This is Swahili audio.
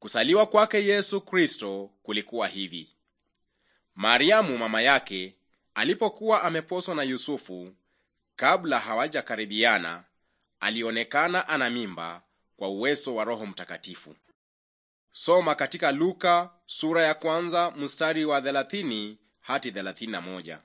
Kusaliwa kwake Yesu Kristo kulikuwa hivi: Mariamu mama yake alipokuwa ameposwa na Yusufu, kabla hawajakaribiana, alionekana ana mimba kwa uwezo wa Roho Mtakatifu. Soma katika Luka sura ya kwanza mstari wa 30 hadi 31.